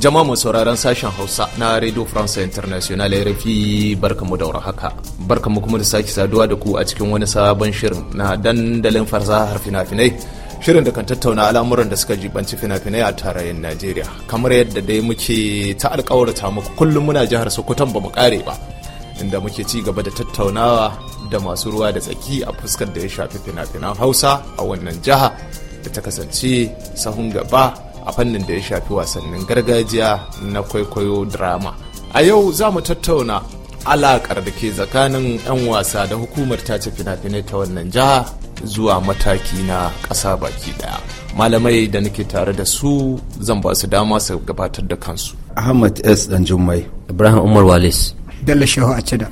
jama'a mu sauraron sashen hausa na radio france international rfi barkamu da haka barkamu kuma da sake saduwa da ku a cikin wani sabon shirin na dandalin fasahar fina-finai shirin da kan tattauna al'amuran da suka jibanci fina-finai a tarayyar najeriya kamar yadda dai muke ta alkawarta muku kullum muna jihar sokoton ba mu kare ba inda muke ci gaba da tattaunawa da masu ruwa da tsaki a fuskar da ya shafi fina-finan hausa a wannan jiha da ta kasance sahun gaba a fannin da ya shafi wasannin gargajiya na kwaikwayo drama a yau za mu tattauna alakar da ke tsakanin 'yan wasa da hukumar ta tace fina-finai ta wannan jiha zuwa mataki na ƙasa baki daya malamai da nake tare da su zan ba su dama su gabatar da kansu ahmad s dan jummai. ibrahim umar walis dalla shehu a cida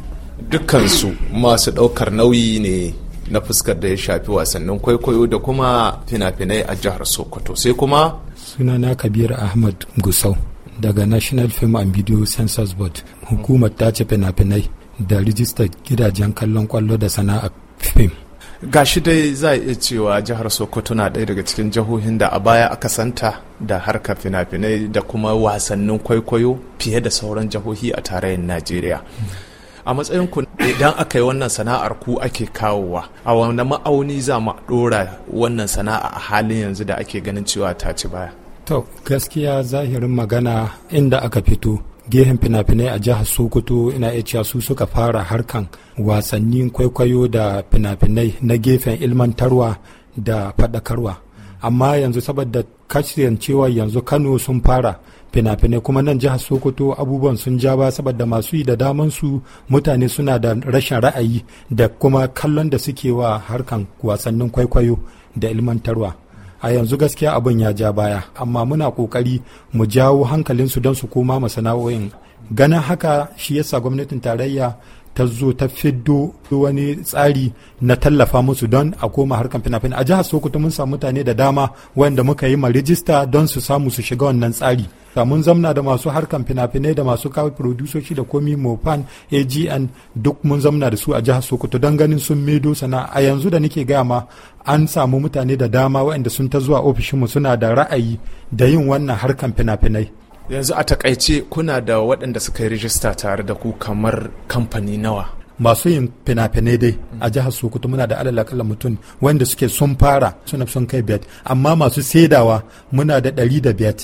dukkansu masu ɗaukar nauyi ne na fuskar da ya shafi wasannin kwaikwayo da kuma fina-finai a jihar sokoto sai kuma suna na kabir ahmad gusau daga national film and video census board hukumar tace ce fina-finai da rijistar gidajen kallon kwallo da sana'a fim gashi dai za a iya cewa jihar sokoto na ɗaya daga cikin jihohin da a baya aka santa da harka fina-finai da kuma wasannin kwaikwayo fiye da sauran jihohi a tarayyar najeriya a matsayin ku idan aka yi wannan sana'ar ku ake kawowa a wani ma'auni za mu ɗora wannan sana'a a halin yanzu da ake ganin cewa ta ci baya To gaskiya zahirin magana inda aka fito gehen fina-finai a jihar Sokoto ina iya cewa su suka fara harkan wasannin kwaikwayo da fina-finai na gefen ilmantarwa da faɗakarwa. Amma yanzu saboda cewa yanzu Kano sun fara fina-finai kuma nan jihar Sokoto abubuwan sun ja ba saboda masu yi da daman su mutane suna da rashin ra'ayi da kuma kallon da suke wa harkan wasannin kwaikwayo da ilmantarwa. a yanzu gaskiya abin ya ja baya amma muna kokari mu jawo hankalinsu don su koma masana'o'in ganin haka shi yasa gwamnatin tarayya ta zo ta fiddo wani tsari na tallafa musu don a koma harkar fina-finai a jihar sokoto mun samu mutane da dama wanda muka yi ma rijista don su samu su shiga wannan tsari mun zamna da masu harkan fina-finai da masu kawo produsoshi da komi mofan agn duk mun zamna da su a jihar sokoto don ganin sun medo sana a yanzu da nake gaya ma an samu mutane da dama waɗanda sun ta zuwa ofishinmu suna da ra'ayi da yin wannan harkan fina-finai yanzu a takaice kuna da waɗanda suka yi rijista tare da ku kamar kamfani nawa masu yin fina-finai dai a jihar sokoto muna da alala mutum wanda suke sun fara suna sun kai biyat amma masu saidawa muna da ɗari da biyar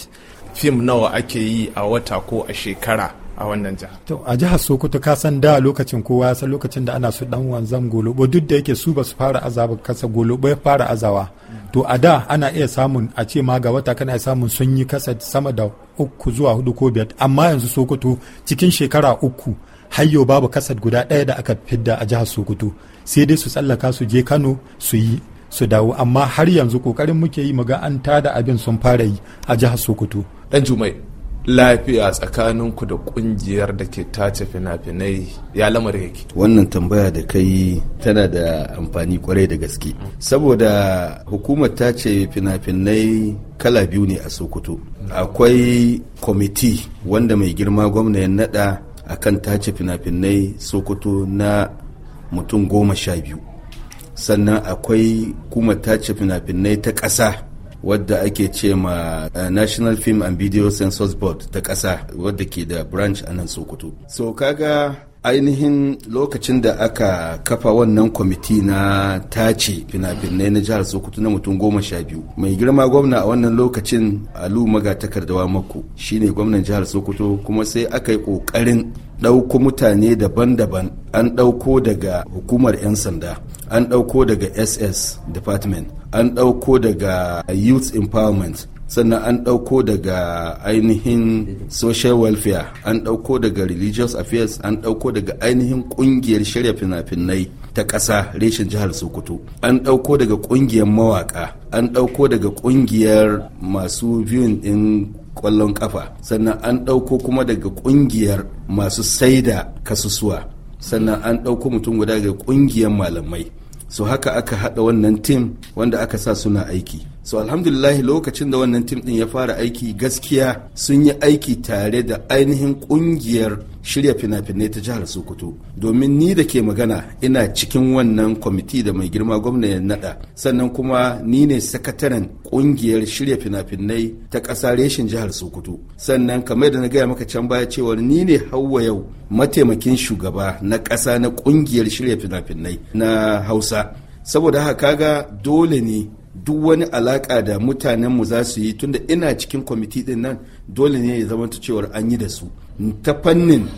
fim nawa ake yi a wata ko a shekara a wannan jiha. To a jihar Sokoto ka san da lokacin kowa ya san lokacin da ana su dan wanzam golobo duk da yake su ba su fara azaba kasa golobo ya fara azawa. To a da ana iya samun a ce ma ga wata kana samun sun yi kasa sama da uku zuwa hudu ko biyar amma yanzu Sokoto cikin shekara uku hayyo babu kasa guda ɗaya da aka fidda a jihar Sokoto sai dai su tsallaka su je Kano su yi su dawo amma har yanzu kokarin muke yi muga an tada abin sun fara yi a jihar Sokoto. Dan Jumai lafiya tsakanin ku da kungiyar da ke tace fina-finai ya lamar yake wannan tambaya da kai tana da amfani kwarai da gaske saboda hukumar tace fina-finai kala biyu ne a sokoto akwai kwamiti wanda mai girma gwamna ya nada kan tace fina-finai sokoto na mutum goma sha biyu sannan akwai kuma tace fina-finai ta ƙasa wadda ake ce ma eh, national film and video census board ta ƙasa wadda ke da branch a nan sokoto so kaga ainihin lokacin da aka kafa wannan kwamiti na tace fina-finai na jihar sokoto na mutum goma sha biyu mai girma gwamna a wannan lokacin alu maga takardawa mako shine gwamnan jihar sokoto kuma sai aka yi ƙoƙarin ɗauko mutane daban-daban an ɗauko daga hukumar 'yan sanda an ɗauko daga ss department an ɗauko daga youth empowerment sannan an ɗauko daga ainihin social welfare an ɗauko daga religious affairs an ɗauko daga ainihin ƙungiyar shirya fina-finai ta ƙasa reshen jihar sokoto an ɗauko daga ƙungiyar mawaƙa an ɗauko daga ƙungiyar masu biyun ɗin ƙwallon ƙafa sannan an ɗauko kuma daga ƙungiyar masu saida kasusuwa sannan an ɗauko mutum guda daga ƙungiyar malamai Su haka aka haɗa wannan tim wanda aka sa suna aiki so alhamdulillah lokacin da wannan tim din ya fara aiki gaskiya sun yi aiki tare da ainihin kungiyar shirya fina-finai ta jihar sokoto domin ni da ke magana ina cikin wannan kwamiti da mai girma gwamna ya nada sannan kuma ni ne sakataren kungiyar shirya fina-finai ta ƙasa reshin jihar sokoto sannan kamar da na gaya maka can baya cewar ni ne hawa yau mataimakin shugaba na ƙasa na kungiyar shirya fina-finai na hausa saboda haka ga, dole ne duk wani alaƙa da mutanenmu za su yi tunda ina cikin kwamiti din nan dole ne ya zama cewar an yi da su ta fannin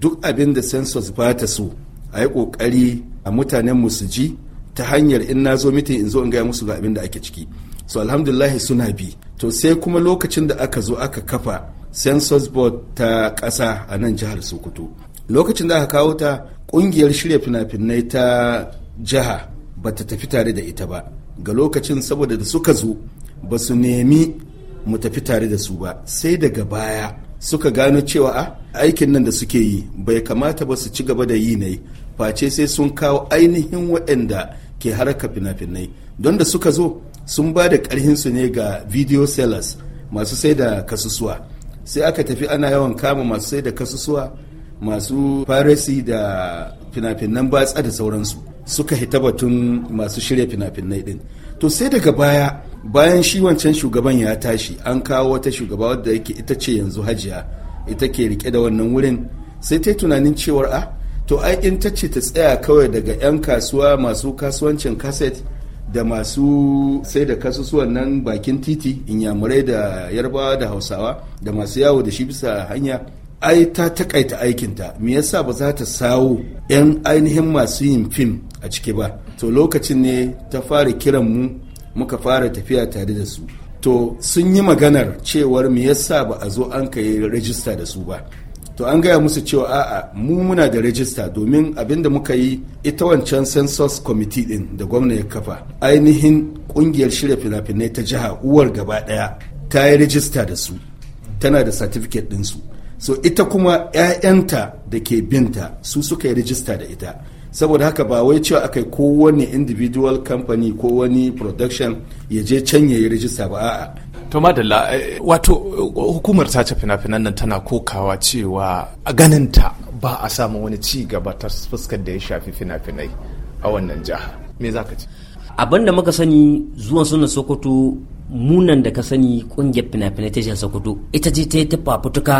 duk abin da census ba ta so a yi kokari a mutanenmu su ji ta hanyar in na zo mitin in zo in gaya musu ga abin da ake ciki so alhamdulillah suna bi to sai kuma lokacin da aka zo aka kafa census board ta ƙasa a nan jihar sokoto lokacin da aka kawo ta ƙungiyar shirya fina-finai ta jiha ba ta tafi tare da ita ba ga lokacin saboda da suka zo ba su nemi mu tafi tare da su ba sai daga baya suka gano cewa a ah, aikin nan da suke yi bai kamata ba su ci gaba da yi ne face sai sun kawo ainihin waɗanda ke haraka fina-finai don da suka zo sun ba da ƙarhinsu ne ga video sellers masu sai da kasusuwa sai aka tafi ana yawan kama masu sai da kasusuwa masu faresi da fina-finan batsa da sauransu suka hita batun masu shirya fina-finai din to sai daga baya bayan shi wancan shugaban ya tashi an kawo wata shugaba wadda yake ita ce yanzu hajiya ita ke rike da wannan wurin sai ta yi tunanin cewar a ah, to ai in ta ce ta tsaya kawai daga 'yan kasuwa masu kasuwancin kaset da masu sai da kasusuwan nan bakin titi inyamurai da yarbawa da hausawa da masu yawo da shi bisa hanya ai ta takaita aikinta me yasa ba za ta sawo 'yan ainihin masu yin fim a ciki ba to lokacin ne ta fara kiran mu muka fara tafiya tare da su to sun yi maganar cewar me yasa ba a zo an kai rajista da su ba to an gaya musu cewa a'a mu muna da rajista domin abin da muka yi ita wancan census committee din da gwamna ya kafa ainihin kungiyar shirya fina-finai ta jiha uwar gaba daya ta yi rajista da su tana da certificate ɗinsu so ita kuma 'ya'yanta da ke binta su suka yi rajista da ita saboda haka ba wai cewa akai kowane individual company ko wani production ya je can ya yi rijista ba a'a to madalla wato hukumar ta ce fina-finan nan tana kokawa cewa a ganinta ba a samu wani ci gaba ta fuskar da ya shafi fina-finai a wannan jiha me za ka ci abin da muka sani zuwan sunan sokoto munan da ka sani kungiyar fina-finai ta sokoto ita ce ta yi ta fafutuka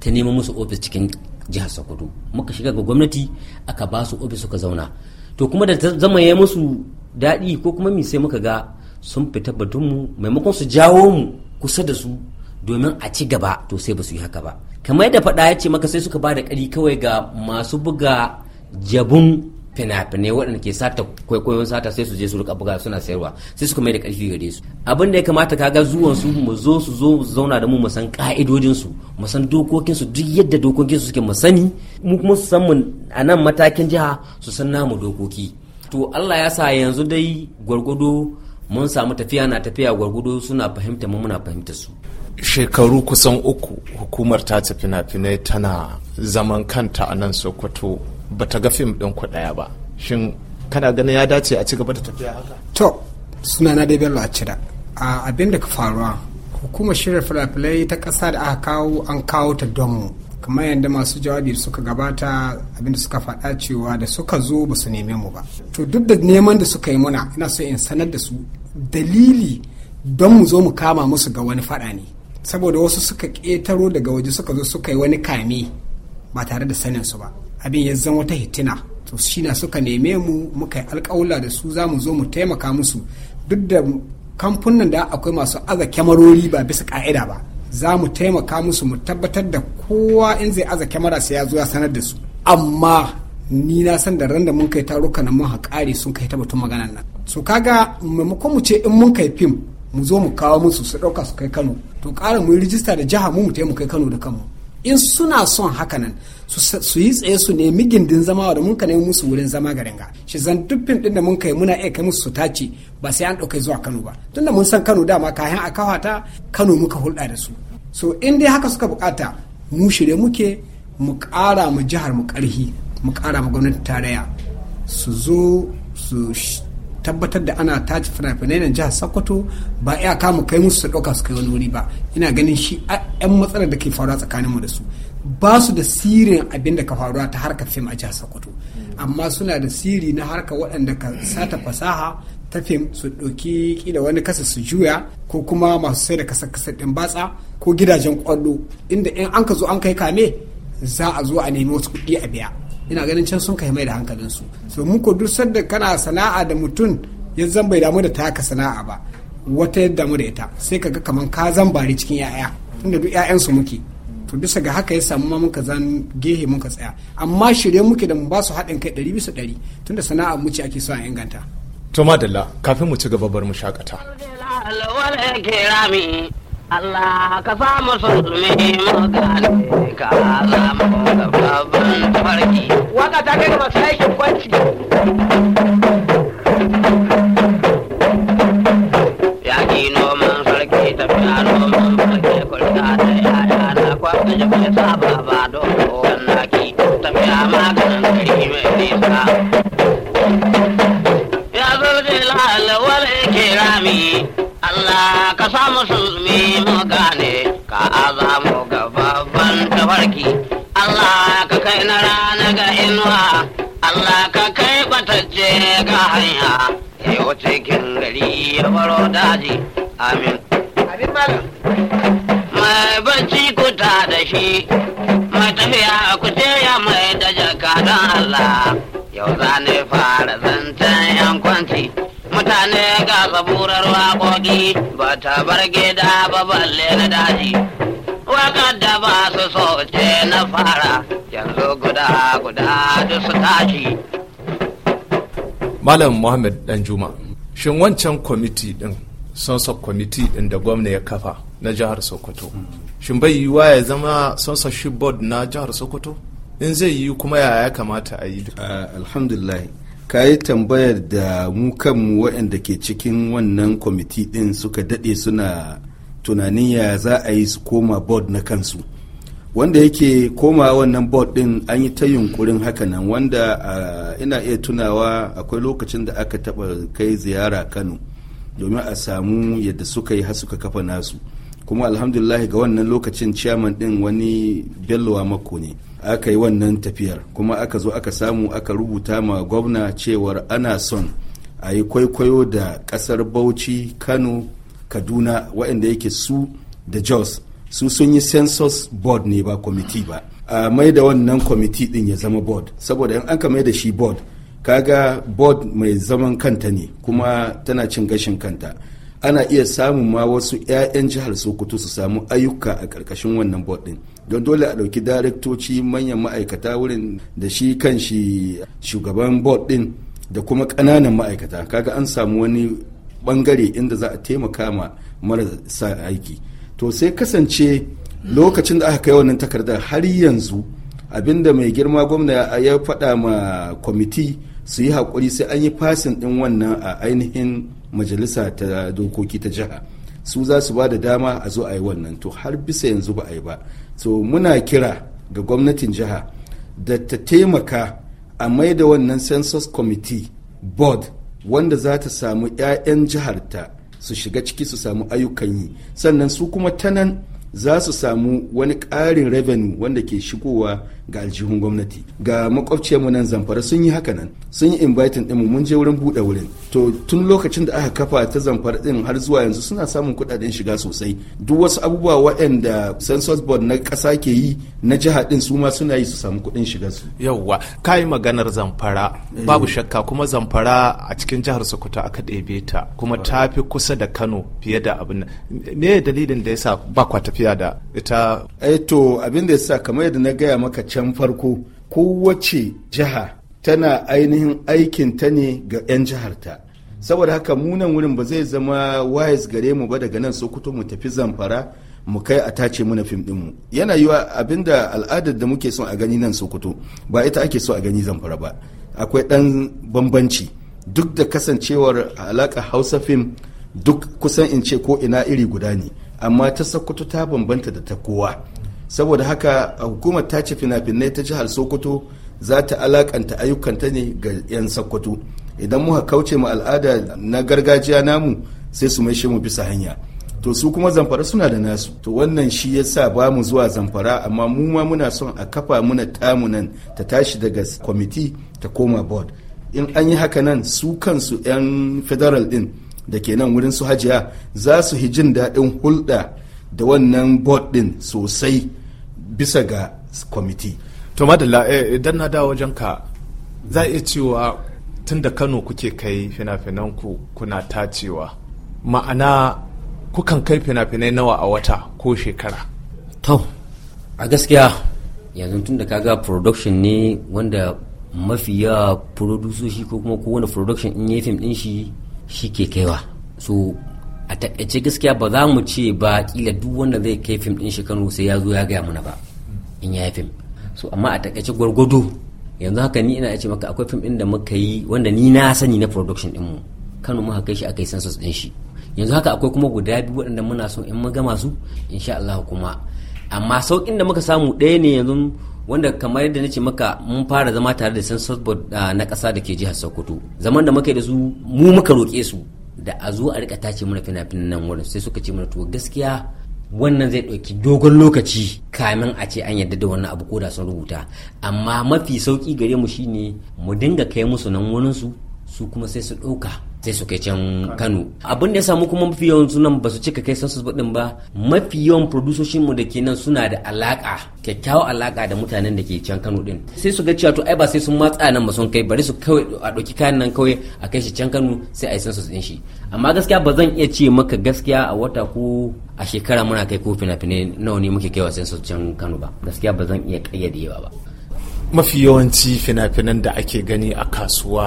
ta nemo musu ofis cikin jihar sokoto muka shiga ga gwamnati aka ba su ofis suka zauna to kuma da zama ya musu daɗi ko kuma mi sai muka ga sun fita batun mu maimakon su jawo mu kusa da su domin a ci gaba to sai ba su yi haka ba kamar yadda faɗa ya ce maka sai suka ba da ƙari kawai ga masu buga jabun fina-finai waɗanda ke sata kwaikwayon sata sai su je su rika buga suna sayarwa sai su kuma da ƙarfi gare su abin da ya kamata kaga zuwan su mu zo su zo zauna da mu mu san ka'idojin su mu san dokokin su duk yadda dokokin su suke mu sani mu kuma su san mu a nan matakin jiha su san namu dokoki to Allah ya sa yanzu dai gwargwado mun samu tafiya na tafiya gwargwado suna fahimta mu muna fahimta su shekaru kusan uku hukumar ta tafi finai tana zaman kanta a nan sokoto ba ta ga fim ɗin ku ɗaya ba shin kana ganin ya dace a ci gaba da tafiya haka to sunana dai bello a cira a abin da ka faruwa hukumar shirya filafilai ta ƙasa da aka kawo an kawo ta don mu kamar yadda masu jawabi suka gabata abinda suka faɗa cewa da suka zo ba su neme mu ba to duk da neman da suka yi muna ina so in sanar da su dalili don mu zo mu kama musu ga wani faɗa ne saboda wasu suka ƙetaro daga waje suka zo suka yi wani kame ba tare da sanin su ba abin ya zama wata hitina to shi na suka neme mu muka yi alkawula da su za mu zo mu taimaka musu duk da kamfunan da akwai masu aza kyamarori ba bisa ka'ida ba za mu taimaka musu mu tabbatar da kowa in zai aza kyamara sai ya zo ya sanar da su amma ni na san da ran da mun kai taruka na mun haƙari sun kai ta batun maganan nan so kaga maimakon mu ce in mun kai fim mu zo mu kawo musu su ɗauka su kai kano to ƙara mu yi rijista da jiha mu mu kai kano da kanmu in suna son hakanan su yi tsaye su nemi gindin zama da mun ka nemi musu wurin zama garin ga shi zan duk din da mun kai muna iya kai musu su tace ba sai an ɗauka zuwa Kano ba tunda mun san Kano dama kayan a kawata Kano muka hulɗa da su so in dai haka suka bukata mu shirye muke mu ƙara mu jihar mu ƙarhi mu ƙara mu gwamnati tarayya su zo su tabbatar da ana tace fina-finai na jihar sokoto ba iya kama kai musu su ɗauka su kai wani wuri ba ina ganin shi yan matsalar da ke faruwa tsakaninmu da su ba su da sirin abin da ka faruwa ta harkar fim a jihar sokoto amma suna da siri na harka waɗanda ka sata fasaha ta fim su ɗauki kila wani kasa su juya ko kuma masu sai da kasa kasa ɗin batsa ko gidajen ƙwallo inda in an ka zo an kai kame za a zo a nemi wasu kuɗi a biya ina ganin can sun kai mai da hankalinsu so mun ko duk sadda kana sana'a da mutum ya zan bai damu da ta ka sana'a ba wata ya damu da ita sai kaga kaman ka zan bari cikin yaya tunda duk su muke to bisa ga haka ya samu ma muka zan gehe muka tsaya amma shirye muke da mu ba su haɗin kai ɗari bisa ɗari tunda sana'a mu ce ake so a inganta. to madalla kafin mu ci gaba bar mu shakata. Allah ka fa musulmi mu gane ka zama babban farki. waka ta kai ga masu aikin kwanci ya ji noman sarki tafiya noman farke kulta da yaya na kwanta jikin saba ba don kowan naki tafiya maganin gari mai nisa ya zo jilal wal Allah ka sa musulmi mu gane ka azamu ga babban tafarki Allah ka kai na Allah ka kai batacce ga hanya yau cikin gari ya baro daji amin amin malam mai bacci kuta da shi mai tafiya kuce ya mai da jaka don Allah yau za ne fara zancen yan kwanci mutane ga saburar waƙoƙi ba ta bar gida ba balle na daji waka da ba su so na fara yanzu guda guda da su tashi malam muhammad danjuma shin wancan kwamiti din sansa kwamiti din da gwamna ya kafa na jihar sokoto shin bai yiwuwa ya zama sansa board na jihar sokoto in zai yi kuma ya ya kamata a yi ah, alhamdulillah ka yi tambayar da mu kanmu waɗanda ke cikin wannan kwamiti din suka daɗe suna tunanin ya za a yi su koma board na kansu wanda yake koma wannan board din an yi ta yunkurin hakanan wanda ina iya tunawa akwai lokacin da aka taba kai ziyara kano domin a samu yadda suka yi suka kafa nasu kuma alhamdulillah ga wannan lokacin ciyaman din wani bellowa mako ne aka yi wannan tafiyar kuma aka zo aka samu aka rubuta ma gwamna cewar ana son a yi kwaikwayo da kasar bauchi kano kaduna waɗanda yake su da jos su sun yi census board ne ba kwamiti ba a mai da wannan kwamiti din ya zama board saboda in aka mai da shi board kaga board mai zaman kanta ne kuma tana cin gashin kanta ana iya samun ma wasu 'ya'yan jihar sokoto su samu ayyuka a ƙarƙashin wannan board din don dole a ɗauki daraktoci manyan ma'aikata wurin da shi kan shi shugaban board din da kuma ƙananan ma'aikata kaga an samu wani bangare inda za a taimaka ma marasa aiki to sai kasance lokacin da aka kai wannan takardar har yanzu abinda mai girma gwamna ya faɗa ma kwamiti su yi haƙuri sai an yi fasin ɗin wannan a ainihin majalisa ta dokoki ta jiha su za su ba da dama a zo a yi wannan to har bisa yanzu ba a yi ba to muna kira ga gwamnatin jiha da ta taimaka a mai da wannan census committee board wanda za ta samu 'ya'yan jiharta su shiga ciki su samu ayyukan yi sannan su kuma ta nan za su samu wani ƙarin revenue wanda ke shigowa ga aljihun gwamnati ga mu nan zamfara sun yi haka nan sun yi inviting mu mun je wurin buɗe wurin to tun lokacin da aka kafa ta zamfara ɗin har zuwa yanzu suna samun kuɗaɗen shiga sosai duk wasu abubuwa waɗanda census board na ƙasa ke yi na jiha ɗin su ma suna yi su samu kuɗin shiga su yawwa kai maganar zamfara eh. babu shakka kuma zamfara a cikin jihar sokoto aka ɗebe ta kuma ta fi kusa da kano fiye da abin me dalilin da yasa ba kwa tafiya da ita eh to abin da yasa kamar yadda na gaya maka can farko kowace jiha tana ainihin aikin ta ne ga 'yan jiharta saboda haka munan wurin ba zai zama wise gare mu ba daga nan sokoto mu tafi zamfara mu kai a tace muna fim dinmu yana yiwa abinda al'adar da muke son a gani nan sokoto ba ita ake so a gani zamfara ba akwai dan bambanci duk da kasancewar alaka hausa fim duk kusan in ce ko ina iri guda ne amma ta sokoto ta bambanta da ta kowa saboda haka hukumar ta ce fina-finai ta jihar sokoto za ta alakanta ayyukanta ne ga 'yan sokoto idan muka kauce mu al'ada na gargajiya namu sai su mai mu bisa hanya to su kuma zamfara suna da nasu to wannan shi ya sa ba mu zuwa zamfara amma mu ma muna son a kafa muna tamu nan ta tashi daga kwamiti ta koma board in an yi haka nan su kansu 'yan federal din da ke nan wurin su hajiya za su jin daɗin hulɗa da wannan board din sosai bisa ga kwamiti to madalla eh, eh, idan na dawo wajen ka za iya cewa tun da kano kuke kai fina-finan ku kuna tacewa ma'ana kukan kai fina-finai nawa a wata ko shekara to a gaskiya yanzu tun da kaga production ne wanda mafi yawa producer ko kuma kowane production in yi fim din shi shi ke kaiwa so a taƙaice gaskiya ba za mu ce ba kila duk wanda zai kai fim ɗin shi Kano sai ya zo ya gaya mana ba in ya yi fim so amma a taƙaice gwargwado yanzu haka ni ina ce maka akwai fim ɗin da muka yi wanda ni na sani na production ɗin mu Kano muka kai shi aka yi census ɗin shi yanzu haka akwai kuma guda biyu waɗanda muna so in mun gama su insha Allah kuma amma sauƙin da muka samu ɗaya ne yanzu wanda kamar yadda ce maka mun fara zama tare da census board ah, na ƙasa da ke jihar Sokoto zaman da muka yi da su mu muka roƙe su da a zo a rika tace mana fina-finan nan wurin sai suka ce mana to gaskiya wannan zai ɗauki dogon lokaci kamin a ce an yarda da wannan abu ko da sun rubuta amma mafi sauƙi gare mu shine mu dinga kai musu nan wurin su su kuma sai su ɗauka sai su kai can kano abin da ya samu kuma mafi yawan sunan ba su cika kai sansu din ba mafi yawan producoshin mu da ke nan suna da alaka kyakkyawar alaka da mutanen da ke can kano din sai su ga cewa to ai ba sai sun matsa nan ba sun kai bari su kawai a ɗauki kayan nan kawai a kai shi can kano sai a yi sansu din shi amma gaskiya ba zan iya ce maka gaskiya a wata ko a shekara muna kai ko fina-finai nawa ne muke kaiwa sansu can kano ba gaskiya ba zan iya ƙayyadewa ba mafi yawanci fina-finan da ake gani a kasuwa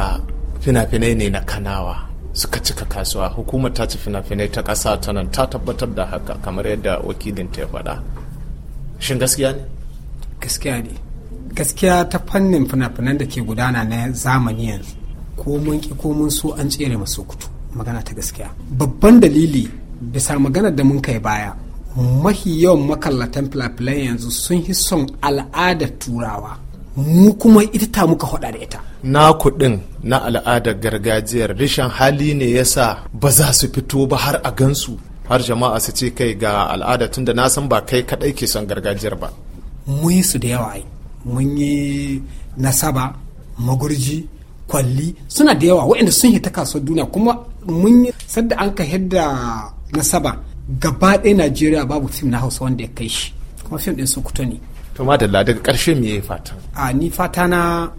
fina-finai ne na kanawa suka cika kasuwa hukumar ta ci fina-finai ta ƙasa ta nan ta tabbatar da haka kamar yadda wakilin ta ya faɗa shin gaskiya ne gaskiya ne gaskiya ta fannin fina-finan da ke gudana na zamani yanzu ko mun ki ko mun so an tsere masu kutu magana ta gaskiya babban dalili bisa magana da mun kai baya mahi yawan makallatan filafilai yanzu sun hi son al'adar turawa mu kuma ita ta muka hada da ita na kuɗin na al'adar gargajiyar rishin hali ne ya sa. ba za su fito ba har a gansu har jama'a su ce kai ga al'ada tunda na san ba kai kaɗai ke son gargajiyar ba mun yi su da yawa ai mun yi nasaba magurji kwalli suna da yawa waɗanda sun hita kasuwar duniya kuma mun yi sadda an ka hidda nasaba gaba ɗaya najeriya babu fim na hausa wanda ya kai shi kuma fim ɗin kuto ne to madalla daga karshe me ya fata a ni fata na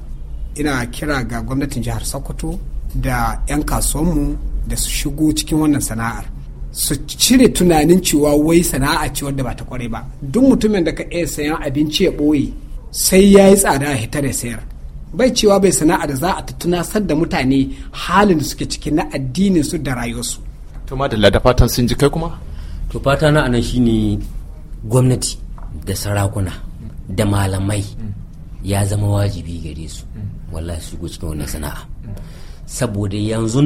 ina kira ga gwamnatin jihar sokoto da 'yan kasuwanmu da su shigo cikin wannan sana'ar su cire tunanin cewa wai sana'a ce wadda ba ta kware ba duk mutumin da ka iya sayan abinci ya ɓoye sai ya yi tsada a hita da sayar bai cewa bai sana'a da za a tunasar da mutane halin da suke ciki na addinin su da rayuwarsu to madalla da fatan sun ji kai kuma to fata na anan shine gwamnati da sarakuna da malamai mm. ya zama wajibi gare su mm. wallahi su shigo cikin wannan sana'a mm. saboda yanzu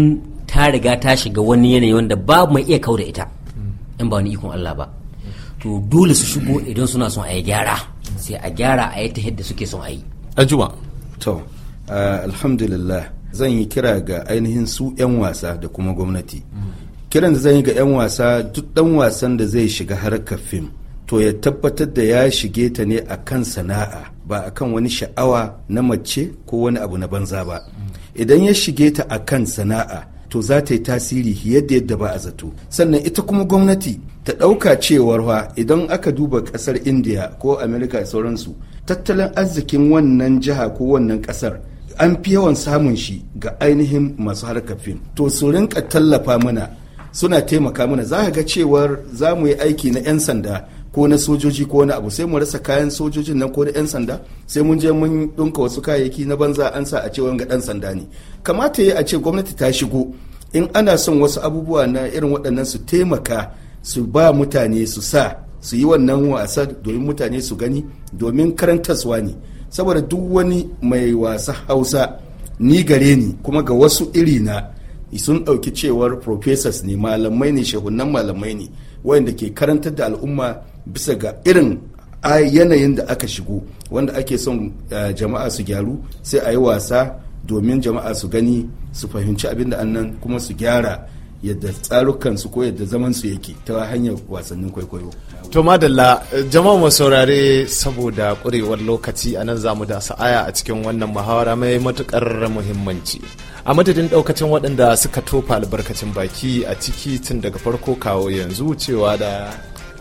ta riga ta shiga wani yanayi wanda babu mai iya kauda ita in ba wani ikon Allah ba to dole su shigo idan suna son a yi gyara sai a gyara a yi ta yadda suke son a yi ajuwa to alhamdulillah zan yi kira ga ainihin su 'yan wasa da kuma gwamnati kiran da zan yi ga 'yan wasa duk dan wasan da zai shiga harkar fim to ya tabbatar da ya shige ta ne a kan sana'a ba a kan wani sha'awa na mace ko wani abu na banza ba idan ya shige ta a kan sana'a to za ta yi tasiri yadda yadda ba a zato sannan ita kuma gwamnati ta ɗauka cewar fa idan aka duba ƙasar indiya ko Amurika da sauransu tattalin arzikin wannan jiha ko wannan ƙasar an fi yawan samun shi ga ainihin masu harkar to su rinka tallafa mana suna taimaka mana za ka ga cewar za mu yi aiki na 'yan sanda ko na sojoji ko na abu sai mu rasa kayan sojojin nan ko na 'yan sanda sai mun je mun ɗinka wasu kayayyaki na banza an sa a ce wanga ɗan sanda ne kamata ya a ce gwamnati ta shigo in ana son wasu abubuwa na irin waɗannan su taimaka su ba mutane su sa su yi wannan wasa domin mutane su gani domin karantaswa ne saboda duk wani mai wasa hausa ni gare ni kuma ga wasu iri na sun ɗauki cewar professors ne malamai ne shehunan malamai ne wayanda ke karantar da al'umma bisa ga irin yanayin da aka shigo wanda ake son jama'a su gyaru sai a yi wasa domin jama'a su gani su fahimci abin da annan kuma su gyara yadda tsarukan su ko yadda zaman su yake ta hanyar wasannin kwaikwayo. To madalla jama'a mu saurare saboda kurewar lokaci a nan zamu da sa'aya a cikin wannan muhawara mai matukar muhimmanci. A madadin daukacin waɗanda suka tofa albarkacin baki a ciki tun daga farko kawo yanzu cewa da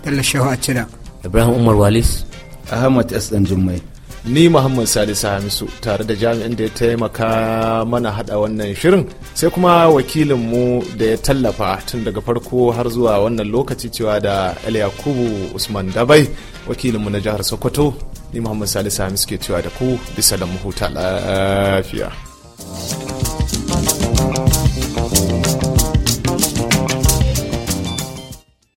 Bello Shehu Acira. Ibrahim Umar Walis. Ahmad S. Jummai. Ni Muhammad Salisu Hamisu tare da jami'in da ya taimaka mana hada wannan shirin sai kuma wakilinmu da ya tallafa tun daga farko har zuwa wannan lokaci cewa da El Yakubu Usman Dabai wakilinmu na jihar Sokoto ni Muhammad Salisu Hamisu ke cewa da ku bisa da huta lafiya.